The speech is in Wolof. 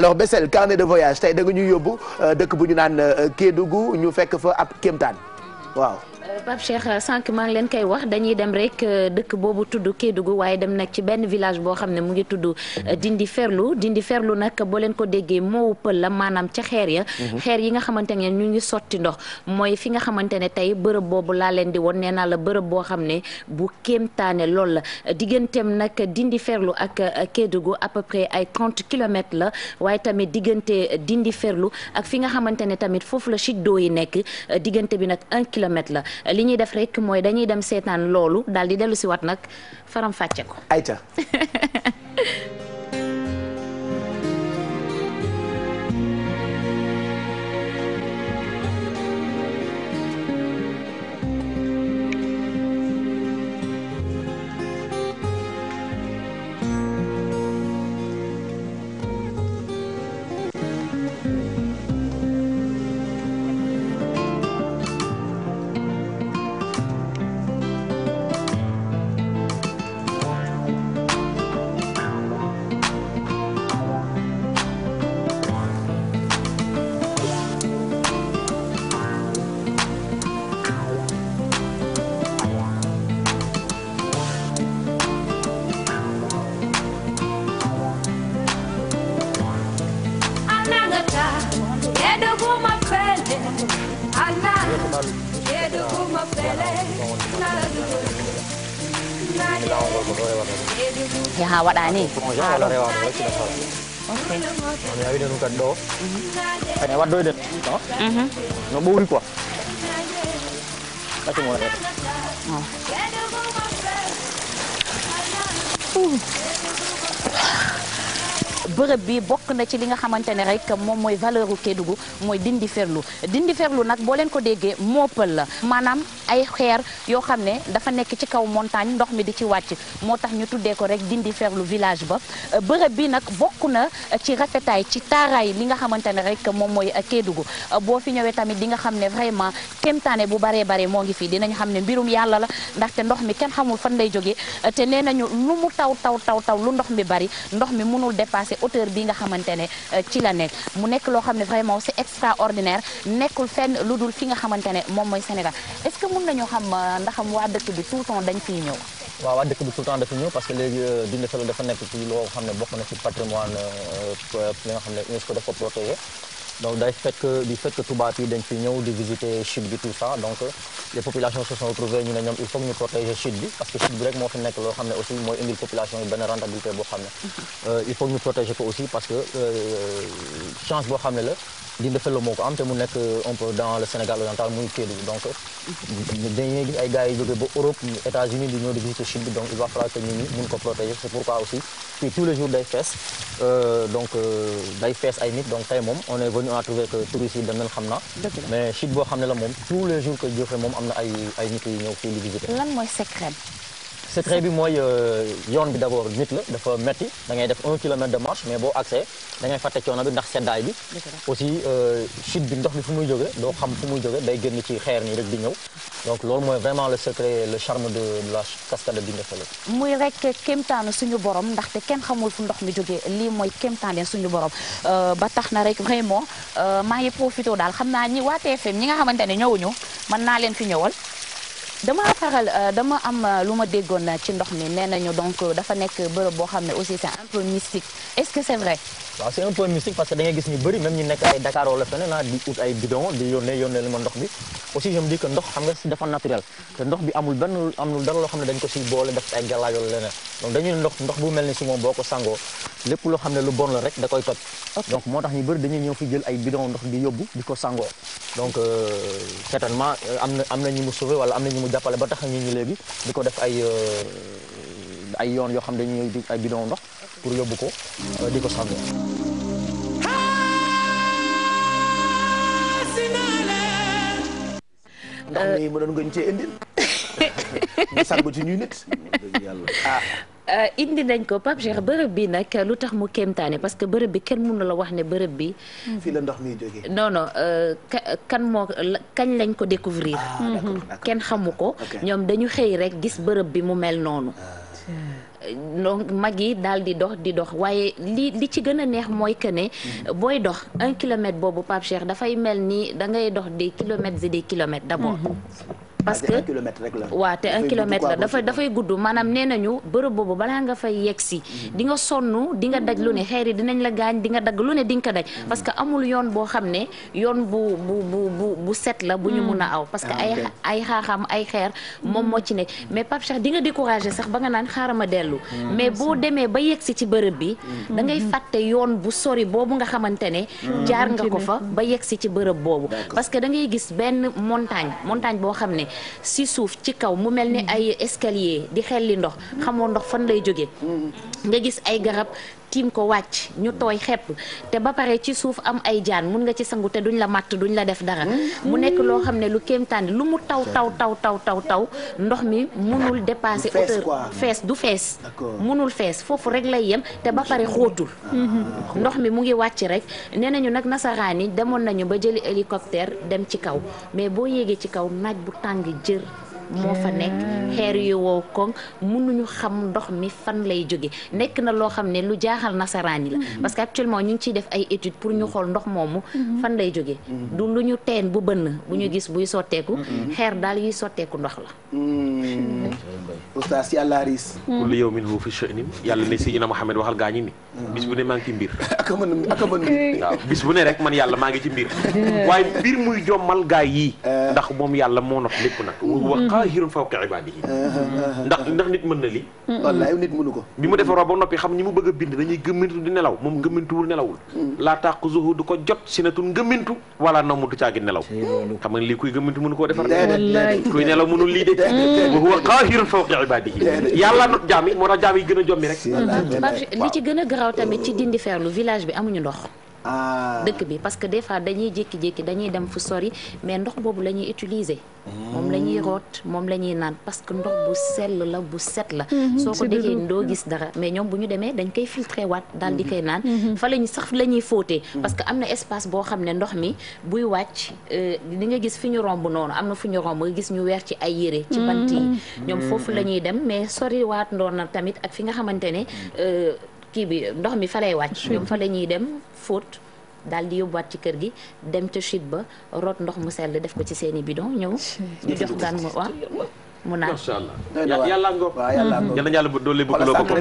alors Bessel carnet de voyage tey da nga ñuy yóbbu euh, dëkk bu ñu naan euh, Kédougou ñu fekk fa ab kéemtaan waaw. Euh, Pape Cheikh euh, sànq maa ngi leen koy wax dañuy dem rek euh, dëkk boobu tudd Kédougou waaye dem nag ci benn village boo xam ne mu ngi tudd Dindi Ferlu Dindi Ferlu nag boo leen ko déggee moowu pël la maanaam ca xeer ya mhm. xeer yi nga xamante ne ñu ngi sotti ndox mooy fi nga xamante ne tey bërëb boobu laa leen di woon nee naa la bërëb boo xam ne bu kéemtaane lool la digganteem nag Dindi Ferlu ak Kédougou à peu près ay 30 kilomètres la waaye tamit diggante Dindi Ferlu ak fi nga xamante ne tamit foofu la chute d'eau yi nekk diggante bi nag 1 kilomètre la li ñuy def rekk mooy dañuy dem seetaan loolu daal di dellu si wat nag faramfàcce ko ayta yaha waɗani haala rewano wakkila sala mi awino ɗum kadi ɗo kadi waddoyden no no ɓowri quoi kati mo waɗata bërëb bi bokk na ci li nga xamante ne rek moom mooy valeur u mooy dindi ferlu dindi ferlu nag boo leen ko déggee moopal la maanaam ay xeer yoo xam ne dafa nekk ci kaw montagne ndox mi di ci wàcc moo tax ñu tuddee ko rek dindi ferlu village ba bërëb bi nag bokk na ci rafetaay ci taaraay li nga xamante ne rek moom mooy Kédougou boo fi ñëwee tamit di nga xam ne vraiment kéemtaane bu baree bare moo ngi fii dinañ xam ne mbirum yàlla la ndaxte ndox mi kenn xamul fan lay jógee te nee nañu lu mu taw taw taw taw lu ndox mi bari ndox hauteur bi nga xamante ne euh, ci la nekk mu nekk loo xam ne vraiment c'est extraordinaire nekkul fenn lu dul fi nga xamante ne moom mooy Sénégal est-ce que mën nañoo xam euh, ndaxam waa dëkk bi tout dañ fiy ñëw waaw waa dëkk bi tout le temps dafa ñëw parce que léegi euh, Dindé Felo dafa nekk ci loo xam ne bokk na ci patrimoine li nga xam ne dafa protégé donc day fekk du fait que tubaab yi dañ fi ñëw di visiter chute bi tout ça donc les populations se sont retrouvées ñu ne ñoom il faut ñu protéger chute bi parce que boo xam ne euh, euh, chance boo xam ne la Lii dafa la moo ko am te mu nekk euh, un peu dans le Sénégal oriental muy Kédougou donc dañuy gis ay gars yi jógee ba Europe États-Unis di ñëw di visiter Chine bi donc il va falloir que ñun mun ko protéger c'est pourquoi aussi tous les jours day fees donc day fees ay nit donc tey moom on a trouvé que touristes yi dem nañ xam na mais site boo xam ne la moom tous les jours que Diofior moom am na ay ay nit yu ñëw fii di visiter. lan mooy secret secret bi mooy euh, yoon bi d' abord nit la dafa metti da ngay def un kilomètre de marche mais boo accès da ngay fàtte coono bi ndax seddaay bi aussi euh, chute bi ndox bi fu muy jógee doo xam fu muy jógee day génn ci xeer nii rek di ñëw donc lool mooy vraiment le secret le charme de la cascade bi Ndefleng muy rek kéemtaanu suñu borom ndaxte kenn xamul fu ndox mi jógee lii mooy kéemtaane suñu borom euh, ba tax na rek vraiment maa ngi profité daal xam naa ñi waate TFM ñi nga xamante ne ñëwuñu mën naa leen fi ñëwal dama faral euh, dama am euh, lu ma déggoon euh, ci ndox mi nee nañu dafa nekk bërëb boo xam ne aussi c'est un peu mystique est-ce que c'est vrai waaw c'est un peu mystique parce que da ngay gis ñu bëri même ñu nekk ay Dakar wala feneen ah di ut ay bidon di yónnee yónnee ma ndox bi aussi je me ndox xam nga si dafa naturel te ndox bi amul benn amul dara loo xam ne dañ ko si boole def ay galaaj wala leneen donc dañuy ndox ndox bu mel ni si moom boo ko sangoo lépp loo xam ne lu bon la rek da koy toj donc moo tax ñu bëri dañuy ñëw fi dappale ba tax nit ñi léegi di ko def ay euh, ay yoon yoo xam ne dañuy di ay bidon ndox pour yóbbu ko euh, di ko sàmm. ndax euh, mi ma doon gën cee indil. mu sàmm ci ñuy nit. Euh, indi nañ ko Pape Cheikh bërëb bi nag lu tax mu kéemtaane parce que bërëb bi kenn mënu la wax ne bërëb bi. fii ndox mi jógee. non euh, kan moo kañ lañ ko découvrir. Ah, mm-hmm. kenn xamu ko. ñoom dañu xëy rek gis bërëb bi mu mel noonu. Ah. Euh, donc mag yi daal di dox di dox waaye li li ci gën a neex mooy que ne mm-hmm. booy dox un kilomètre boobu Pape dafay mel ni da ngay dox des kilomètres et des kilomètres parce que waaw te un kilomètre la dafa dafay gudd maanaam nee nañu bërëb boobu balaa nga fay yegg si mhm. di nga sonn di nga daj lu ne xeer yi dinañ la gaañ di nga dagg lu ne di nga ko daj mhm. parce que amul yoon boo xam ne yoon bu bu bu bu bu set la bu ñu mhm. mun a aw parce que ah, ay ay xaaxaam ay xeer moom moo ci nekk mais Pape Cheikh di nga découragé sax ba nga naan xaaral ma dellu mais boo demee ba yegg si ci bërëb bi da ngay fàtte yoon bu sori boobu nga xamante ne jaar nga ko fa ba yegg si ci bërëb boobu parce que da ngay gis benn montagne montagne boo xam ne si suuf ci kaw mu mel ni mm. ay escalier di xelli ndox xamoo ndox fan lay jóge mm. nga gis ay garab tiim ko wàcc ñu tooy xepp te ba pare ci suuf am ay jaan mun nga ci sangu te duñ la matt duñ la def dara mu nekk loo xam ne lu kéemtaan lu mu taw taw taw taw taw taw ndox mi munul ah, dépasser fees du fees munul fees foofu rek lay yem te ba pare xóotul ah, ah, ndox mi mu ngi wàcc rek nee nañu nag nasaraan yi demoon nañu ba jëli hélicoptère dem ci kaw mais boo yéegee ci kaw naaj bu tàng jër moo fa nekk mm. xeer yu wow koŋ mënuñu xam ndox mi fan lay jóge nekk na loo xam ne lu jaaxal nasaraan yi la mm. parce que actuellement ñu ngi ciy def ay études pour ñu mm. xool ndox moomu mm-hmm. fan lay jóge du lu ñu teen bu bënn bu ñu gis buy sotteeku mm-hmm. xeer daal yuy sotteeku ndox la oustaz yàlla riis kullu yawmin huwa fi sha'nin yàlla ne si ina Muhammad waxal gaañi ni bis bu ne maa ngi ci mbir. ne rek man yàlla maa ngi ci mbir. waaye mbir muy jommal gaa yii. Eh. ndax moom yàlla moo not lépp nag. Mm-hmm. wa qaahirun fawqa ibaadihi eh, eh, ndax ndax nit mën na li mm-hmm. wallaay nit mënu ko. bi mu defaroo ba noppi xam ñi mu bëgg a bind dañuy gëmmintu di nelaw moom gëmmintuwul nelawul. Mm-hmm. laa taaxuzuhu du ko jot sinatun gëmmintu wala nawmun du caagin nelaw. xam nga lii kuy gëmmintu mënu koo defar. wallaay kuy nelaw mënul lii de. wa huwa qaahirun fawqa ibaadihi yàlla not jaam yi moo tax jaam yi gën a jommi rek raw tamit ci dindi ferlu village bi amuñu ndox. Ah. dëkk bi parce que des fois dañuy jékki-jékki dañuy dem fu sori mais ndox boobu la ñuy utiliser. moom la ñuy root moom la ñuy naan parce que ndox bu sell la bu set la. Mhm, soo ko doo gis dara mais ñoom bu ñu demee dañ koy filtré waat daal di mhm. koy naan. Mhm. fa la ñu sax la ñuy fóotee. parce que am na espace boo xam ne ndox mi buy wàcc li euh, nga gis fi ñu romb noonu am na fu ñu romb nga gis ñu weer ci ay yére. ci bant yi ñoom foofu la ñuy dem mais sori waat ndoon tamit ak fi nga xamante ne. Euh, kii bi ndox mi fa lay wàcc ñoom fa la ñuy dem fóot daal di yóbbuwaat ci kër gi dem ca chute ba root ndox mu sell def ko ci seen i bidon ñëw ñu jox gan mu waaw ah, mu naan macha yàlla ngoog yàlla ngoog yàlla yàlla doole bëgg loo ko